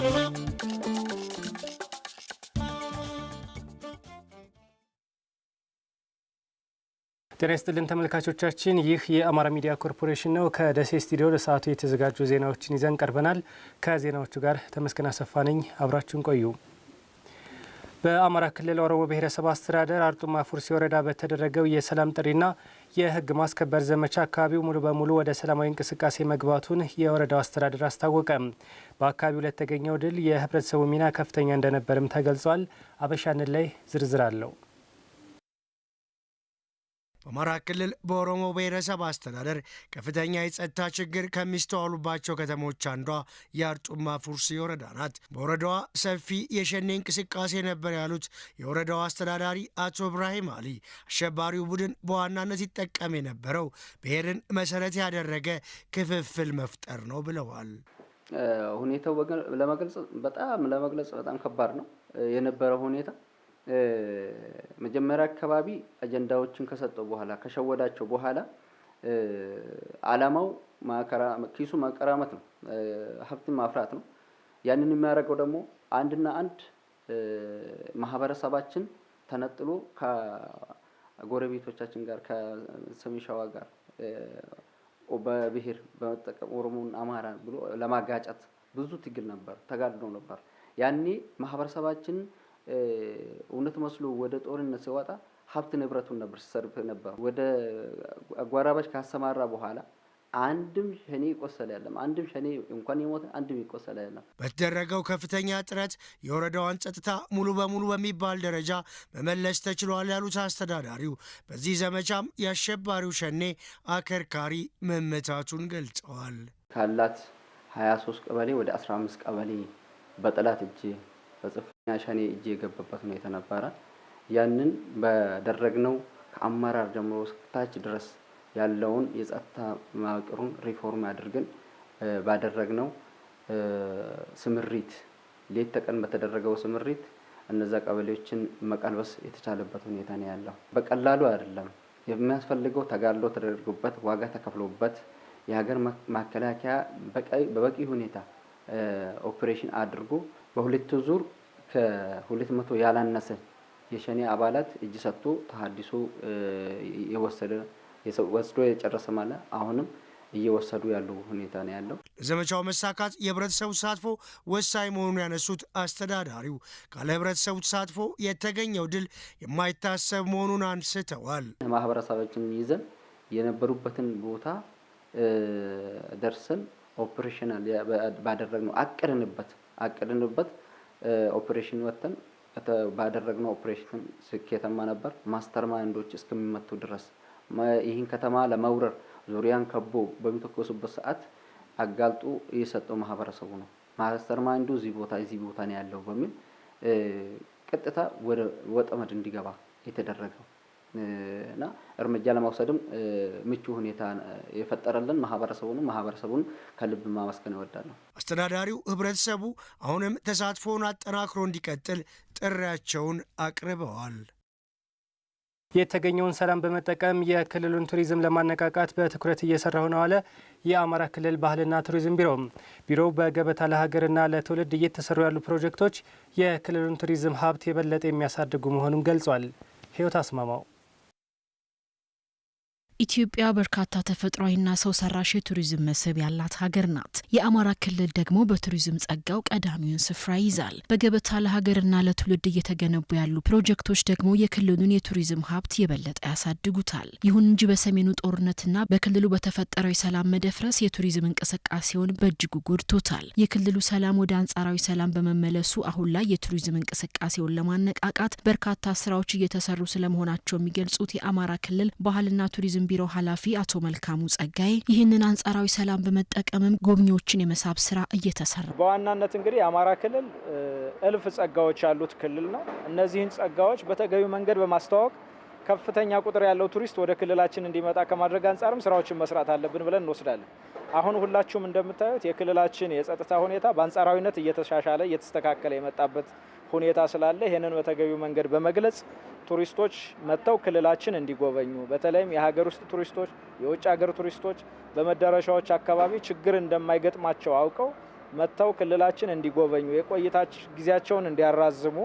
ጤና ይስጥልን ተመልካቾቻችን፣ ይህ የአማራ ሚዲያ ኮርፖሬሽን ነው። ከደሴ ስቱዲዮ ለሰዓቱ የተዘጋጁ ዜናዎችን ይዘን ቀርበናል። ከዜናዎቹ ጋር ተመስገን አሰፋ ነኝ። አብራችሁን ቆዩ። በአማራ ክልል ኦሮሞ ብሔረሰብ አስተዳደር አርጡማ ፉርሲ ወረዳ በተደረገው የሰላም ጥሪና የህግ ማስከበር ዘመቻ አካባቢው ሙሉ በሙሉ ወደ ሰላማዊ እንቅስቃሴ መግባቱን የወረዳው አስተዳደር አስታወቀ። በአካባቢው ለተገኘው ድል የህብረተሰቡ ሚና ከፍተኛ እንደነበርም ተገልጿል። አበሻንን ላይ ዝርዝር አለው። በአማራ ክልል በኦሮሞ ብሔረሰብ አስተዳደር ከፍተኛ የጸጥታ ችግር ከሚስተዋሉባቸው ከተሞች አንዷ የአርጡማ ፉርሲ ወረዳ ናት። በወረዳዋ ሰፊ የሸኔ እንቅስቃሴ ነበር ያሉት የወረዳው አስተዳዳሪ አቶ እብራሂም አሊ አሸባሪው ቡድን በዋናነት ይጠቀም የነበረው ብሔርን መሰረት ያደረገ ክፍፍል መፍጠር ነው ብለዋል። ሁኔታው ለመግለጽ በጣም ለመግለጽ በጣም ከባድ ነው የነበረው ሁኔታ መጀመሪያ አካባቢ አጀንዳዎችን ከሰጠው በኋላ ከሸወዳቸው በኋላ አላማው ኪሱ ማቀራመት ነው፣ ሀብትን ማፍራት ነው። ያንን የሚያደርገው ደግሞ አንድና አንድ ማህበረሰባችን ተነጥሎ ከጎረቤቶቻችን ጋር ከሰሜን ሸዋ ጋር በብሄር በመጠቀም ኦሮሞን አማራ ብሎ ለማጋጨት ብዙ ትግል ነበር፣ ተጋድሎ ነበር። ያኔ ማህበረሰባችን እውነት መስሎ ወደ ጦርነት ሲወጣ ሀብት ንብረቱን ነበር ሲሰርፍ ነበር። ወደ አጎራባች ካሰማራ በኋላ አንድም ሸኔ ይቆሰለ ያለም አንድም ሸኔ እንኳን የሞተ አንድም ይቆሰለ ያለም። በተደረገው ከፍተኛ ጥረት የወረዳዋን ጸጥታ ሙሉ በሙሉ በሚባል ደረጃ መመለስ ተችሏል ያሉት አስተዳዳሪው፣ በዚህ ዘመቻም የአሸባሪው ሸኔ አከርካሪ መመታቱን ገልጸዋል። ካላት 23 ቀበሌ ወደ 15 ቀበሌ በጠላት እጅ በጽፍ ሸኔ እጅ የገባበት ሁኔታ ነበረ። ያንን በደረግነው ከአመራር ጀምሮ እስከታች ድረስ ያለውን የጸጥታ መዋቅሩን ሪፎርም አድርገን ባደረግነው ስምሪት ሌት ተቀን በተደረገው ስምሪት እነዛ ቀበሌዎችን መቀልበስ የተቻለበት ሁኔታ ነው ያለው። በቀላሉ አይደለም የሚያስፈልገው ተጋድሎ ተደርጎበት ዋጋ ተከፍሎበት የሀገር መከላከያ በበቂ ሁኔታ ኦፕሬሽን አድርጎ በሁለቱ ዙር ከሁለት መቶ ያላነሰ የሸኔ አባላት እጅ ሰጥቶ ተሀድሶ የወሰደ ወስዶ የጨረሰ ማለት አሁንም እየወሰዱ ያሉ ሁኔታ ነው ያለው። ለዘመቻው መሳካት የህብረተሰቡ ተሳትፎ ወሳኝ መሆኑን ያነሱት አስተዳዳሪው ካለ ህብረተሰቡ ተሳትፎ የተገኘው ድል የማይታሰብ መሆኑን አንስተዋል። ማህበረሰባችን ይዘን የነበሩበትን ቦታ ደርሰን ኦፕሬሽናል ባደረግነው አቅድንበት አቅድንበት ኦፕሬሽን ወጥተን ባደረግነው ኦፕሬሽን ስኬተማ ነበር። ማስተር ማይንዶች እስከሚመቱ ድረስ ይህን ከተማ ለመውረር ዙሪያን ከቦ በሚተኮሱበት ሰዓት አጋልጦ የሰጠው ማህበረሰቡ ነው። ማስተር ማይንዱ እዚህ ቦታ እዚህ ቦታ ነው ያለው በሚል ቀጥታ ወደ ወጠመድ እንዲገባ የተደረገው እና እርምጃ ለመውሰድም ምቹ ሁኔታ የፈጠረልን ማህበረሰቡንም ማህበረሰቡን ከልብ ማመስገን እወዳለሁ። አስተዳዳሪው ህብረተሰቡ አሁንም ተሳትፎውን አጠናክሮ እንዲቀጥል ጥሪያቸውን አቅርበዋል። የተገኘውን ሰላም በመጠቀም የክልሉን ቱሪዝም ለማነቃቃት በትኩረት እየሰራ ሆነ አለ የአማራ ክልል ባህልና ቱሪዝም ቢሮ። ቢሮው በገበታ ለሀገርና ለትውልድ እየተሰሩ ያሉ ፕሮጀክቶች የክልሉን ቱሪዝም ሀብት የበለጠ የሚያሳድጉ መሆኑን ገልጿል። ህይወት አስማማው ኢትዮጵያ በርካታ ተፈጥሯዊና ሰው ሰራሽ የቱሪዝም መስህብ ያላት ሀገር ናት። የአማራ ክልል ደግሞ በቱሪዝም ጸጋው ቀዳሚውን ስፍራ ይዛል። በገበታ ለሀገርና ለትውልድ እየተገነቡ ያሉ ፕሮጀክቶች ደግሞ የክልሉን የቱሪዝም ሀብት የበለጠ ያሳድጉታል። ይሁን እንጂ በሰሜኑ ጦርነትና በክልሉ በተፈጠረው የሰላም መደፍረስ የቱሪዝም እንቅስቃሴውን በእጅጉ ጎድቶታል። የክልሉ ሰላም ወደ አንጻራዊ ሰላም በመመለሱ አሁን ላይ የቱሪዝም እንቅስቃሴውን ለማነቃቃት በርካታ ስራዎች እየተሰሩ ስለመሆናቸው የሚገልጹት የአማራ ክልል ባህልና ቱሪዝም ቢሮ ኃላፊ አቶ መልካሙ ጸጋዬ ይህንን አንጻራዊ ሰላም በመጠቀምም ጎብኚዎችን የመሳብ ስራ እየተሰራ በዋናነት እንግዲህ የአማራ ክልል እልፍ ጸጋዎች ያሉት ክልል ነው። እነዚህን ጸጋዎች በተገቢው መንገድ በማስተዋወቅ ከፍተኛ ቁጥር ያለው ቱሪስት ወደ ክልላችን እንዲመጣ ከማድረግ አንጻርም ስራዎችን መስራት አለብን ብለን እንወስዳለን። አሁን ሁላችሁም እንደምታዩት የክልላችን የጸጥታ ሁኔታ በአንጻራዊነት እየተሻሻለ እየተስተካከለ የመጣበት ሁኔታ ስላለ ይህንን በተገቢው መንገድ በመግለጽ ቱሪስቶች መጥተው ክልላችን እንዲጎበኙ በተለይም የሀገር ውስጥ ቱሪስቶች፣ የውጭ ሀገር ቱሪስቶች በመዳረሻዎች አካባቢ ችግር እንደማይገጥማቸው አውቀው መጥተው ክልላችን እንዲጎበኙ የቆይታ ጊዜያቸውን እንዲያራዝሙ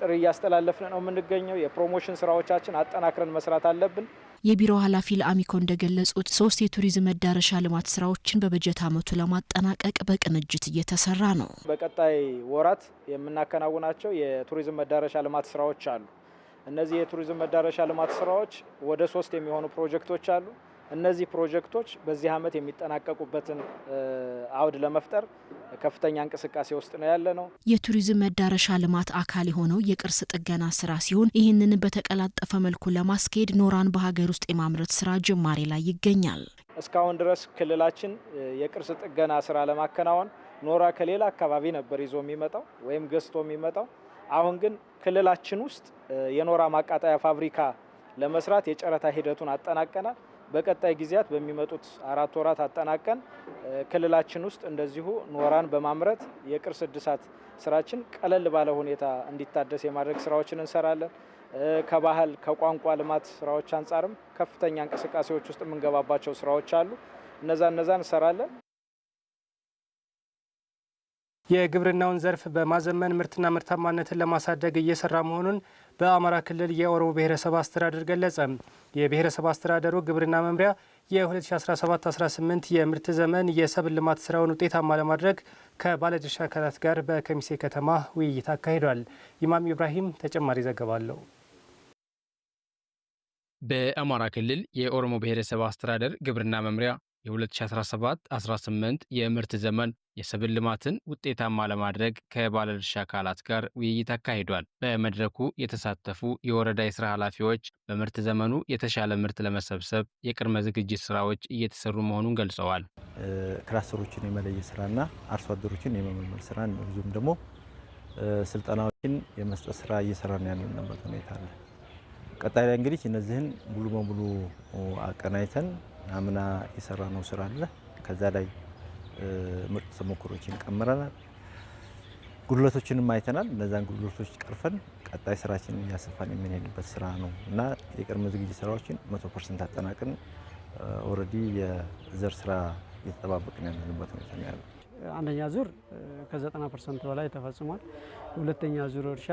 ጥሪ እያስተላለፍን ነው የምንገኘው። የፕሮሞሽን ስራዎቻችን አጠናክረን መስራት አለብን። የቢሮ ኃላፊ ለአሚኮ እንደገለጹት ሶስት የቱሪዝም መዳረሻ ልማት ስራዎችን በበጀት ዓመቱ ለማጠናቀቅ በቅንጅት እየተሰራ ነው። በቀጣይ ወራት የምናከናውናቸው የቱሪዝም መዳረሻ ልማት ስራዎች አሉ። እነዚህ የቱሪዝም መዳረሻ ልማት ስራዎች ወደ ሶስት የሚሆኑ ፕሮጀክቶች አሉ። እነዚህ ፕሮጀክቶች በዚህ ዓመት የሚጠናቀቁበትን አውድ ለመፍጠር ከፍተኛ እንቅስቃሴ ውስጥ ነው ያለ ነው። የቱሪዝም መዳረሻ ልማት አካል የሆነው የቅርስ ጥገና ስራ ሲሆን ይህንን በተቀላጠፈ መልኩ ለማስካሄድ ኖራን በሀገር ውስጥ የማምረት ስራ ጅማሬ ላይ ይገኛል። እስካሁን ድረስ ክልላችን የቅርስ ጥገና ስራ ለማከናወን ኖራ ከሌላ አካባቢ ነበር ይዞ የሚመጣው ወይም ገዝቶ የሚመጣው። አሁን ግን ክልላችን ውስጥ የኖራ ማቃጠያ ፋብሪካ ለመስራት የጨረታ ሂደቱን አጠናቀናል። በቀጣይ ጊዜያት በሚመጡት አራት ወራት አጠናቀን ክልላችን ውስጥ እንደዚሁ ኖራን በማምረት የቅርስ እድሳት ስራችን ቀለል ባለ ሁኔታ እንዲታደስ የማድረግ ስራዎችን እንሰራለን። ከባህል ከቋንቋ ልማት ስራዎች አንጻርም ከፍተኛ እንቅስቃሴዎች ውስጥ የምንገባባቸው ስራዎች አሉ። እነዛ እነዛ እንሰራለን። የግብርናውን ዘርፍ በማዘመን ምርትና ምርታማነትን ለማሳደግ እየሰራ መሆኑን በአማራ ክልል የኦሮሞ ብሔረሰብ አስተዳደር ገለጸ። የብሔረሰብ አስተዳደሩ ግብርና መምሪያ የ2017/18 የምርት ዘመን የሰብል ልማት ስራውን ውጤታማ ለማድረግ ከባለድርሻ አካላት ጋር በከሚሴ ከተማ ውይይት አካሂዷል። ኢማም ኢብራሂም ተጨማሪ ዘገባ አለው። በአማራ ክልል የኦሮሞ ብሔረሰብ አስተዳደር ግብርና መምሪያ የ2017-18 የምርት ዘመን የሰብል ልማትን ውጤታማ ለማድረግ ከባለድርሻ አካላት ጋር ውይይት አካሂዷል። በመድረኩ የተሳተፉ የወረዳ የስራ ኃላፊዎች በምርት ዘመኑ የተሻለ ምርት ለመሰብሰብ የቅድመ ዝግጅት ስራዎች እየተሰሩ መሆኑን ገልጸዋል። ክላስተሮችን የመለየት ስራና አርሶ አደሮችን የመመልመል ስራ እንዲሁም ደግሞ ስልጠናዎችን የመስጠት ስራ እየሰራ ነው ያለንበት ሁኔታ አለ። ቀጣይ ላይ እንግዲህ እነዚህን ሙሉ በሙሉ አቀናይተን አምና የሰራ ነው ስራ አለ። ከዛ ላይ ምርጥ ተሞክሮችን ቀምረናል። ጉድለቶችንም አይተናል። እነዛን ጉድለቶች ቀርፈን ቀጣይ ስራችንን እያሰፋን የምንሄድበት ስራ ነው እና የቅድመ ዝግጅት ስራዎችን መቶ ፐርሰንት አጠናቅን ኦልሬዲ የዘር ስራ እየተጠባበቅን ያለንበት ሁኔታ ነው ያለው። አንደኛ ዙር ከ90 ፐርሰንት በላይ ተፈጽሟል። ሁለተኛ ዙር እርሻ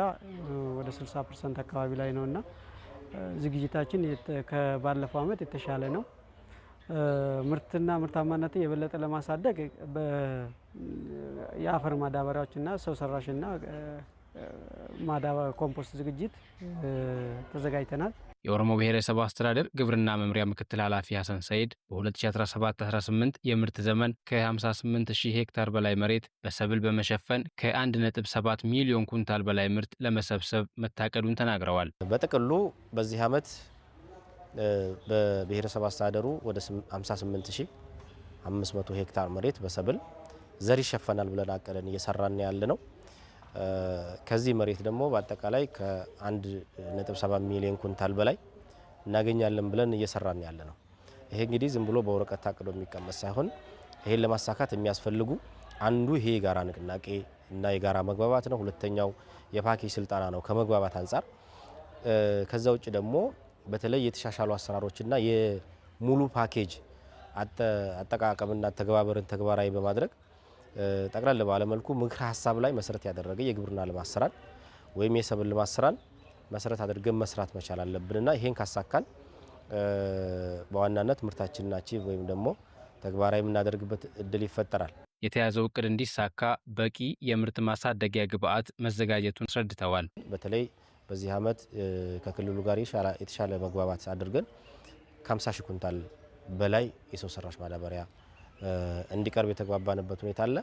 ወደ 60 ፐርሰንት አካባቢ ላይ ነው እና ዝግጅታችን ከባለፈው አመት የተሻለ ነው። ምርትና ምርታማነትን የበለጠ ለማሳደግ የአፈር ማዳበሪያዎችና ሰው ሰራሽና ኮምፖስት ዝግጅት ተዘጋጅተናል። የኦሮሞ ብሔረሰብ አስተዳደር ግብርና መምሪያ ምክትል ኃላፊ ሀሰን ሰይድ በ2017/18 የምርት ዘመን ከ58000 ሄክታር በላይ መሬት በሰብል በመሸፈን ከ1.7 ሚሊዮን ኩንታል በላይ ምርት ለመሰብሰብ መታቀዱን ተናግረዋል። በጥቅሉ በዚህ ዓመት በብሔረሰብ አስተዳደሩ ወደ 58500 ሄክታር መሬት በሰብል ዘር ይሸፈናል ብለን አቅደን እየሰራን ያለ ነው። ከዚህ መሬት ደግሞ በአጠቃላይ ከ1.7 ሚሊዮን ኩንታል በላይ እናገኛለን ብለን እየሰራን ያለ ነው። ይሄ እንግዲህ ዝም ብሎ በወረቀት ታቅዶ የሚቀመጥ ሳይሆን ይሄን ለማሳካት የሚያስፈልጉ አንዱ ይሄ የጋራ ንቅናቄ እና የጋራ መግባባት ነው። ሁለተኛው የፓኬጅ ስልጠና ነው ከመግባባት አንጻር። ከዛ ውጭ ደግሞ በተለይ የተሻሻሉ አሰራሮችና የሙሉ ፓኬጅ አጠቃቀምና ተግባበርን ተግባራዊ በማድረግ ጠቅለል ባለመልኩ ምክር ሀሳብ ላይ መሰረት ያደረገ የግብርና ልማት ስራን ወይም የሰብል ልማት ስራን መሰረት አድርገን መስራት መቻል አለብንና ይሄን ካሳካን በዋናነት ምርታችንን አቺቭ ወይም ደግሞ ተግባራዊ የምናደርግበት እድል ይፈጠራል። የተያዘው እቅድ እንዲሳካ በቂ የምርት ማሳደጊያ ግብዓት መዘጋጀቱን አስረድተዋል። በተለይ በዚህ ዓመት ከክልሉ ጋር የተሻለ መግባባት አድርገን ከ50 ሺ ኩንታል በላይ የሰው ሰራሽ ማዳበሪያ እንዲቀርብ የተግባባንበት ሁኔታ አለ።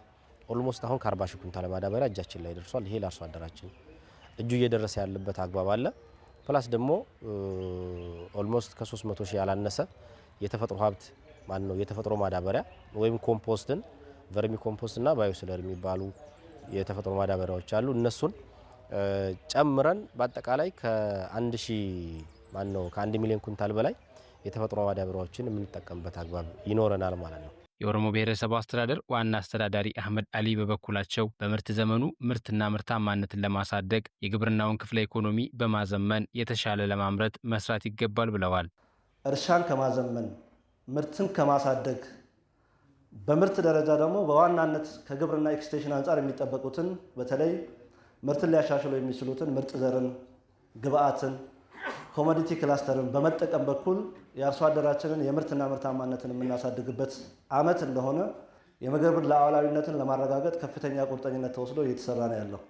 ኦልሞስት አሁን ከ40 ሺ ኩንታል ማዳበሪያ እጃችን ላይ ደርሷል። ይሄ ለአርሶ አደራችን እጁ እየደረሰ ያለበት አግባብ አለ። ፕላስ ደግሞ ኦልሞስት ከ300 ሺህ ያላነሰ የተፈጥሮ ሀብት ማን ነው የተፈጥሮ ማዳበሪያ ወይም ኮምፖስትን ቨርሚ ኮምፖስትና ባዮስለር የሚባሉ የተፈጥሮ ማዳበሪያዎች አሉ እነሱን ጨምረን በአጠቃላይ ከአንድ ሺ ማን ነው ከአንድ ሚሊዮን ኩንታል በላይ የተፈጥሮ ማዳበሪያዎችን የምንጠቀምበት አግባብ ይኖረናል ማለት ነው። የኦሮሞ ብሔረሰብ አስተዳደር ዋና አስተዳዳሪ አህመድ አሊ በበኩላቸው በምርት ዘመኑ ምርትና ምርታማነትን ለማሳደግ የግብርናውን ክፍለ ኢኮኖሚ በማዘመን የተሻለ ለማምረት መስራት ይገባል ብለዋል። እርሻን ከማዘመን ምርትን ከማሳደግ በምርት ደረጃ ደግሞ በዋናነት ከግብርና ኤክስቴንሽን አንጻር የሚጠበቁትን በተለይ ምርትን ሊያሻሽሉ የሚችሉትን ምርጥ ዘርን፣ ግብአትን፣ ኮሞዲቲ ክላስተርን በመጠቀም በኩል የአርሶ አደራችንን የምርትና ምርታማነትን የምናሳድግበት ዓመት እንደሆነ የምግብ ሉዓላዊነትን ለማረጋገጥ ከፍተኛ ቁርጠኝነት ተወስዶ እየተሰራ ነው ያለው።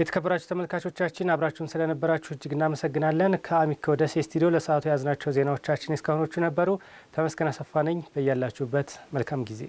የተከበራችሁ ተመልካቾቻችን አብራችሁን ስለነበራችሁ እጅግ እናመሰግናለን። ከአሚኮ ደሴ ስቱዲዮ ለሰዓቱ የያዝናቸው ዜናዎቻችን እስካሁኖቹ ነበሩ። ተመስገን አሰፋ ነኝ። በያላችሁበት መልካም ጊዜ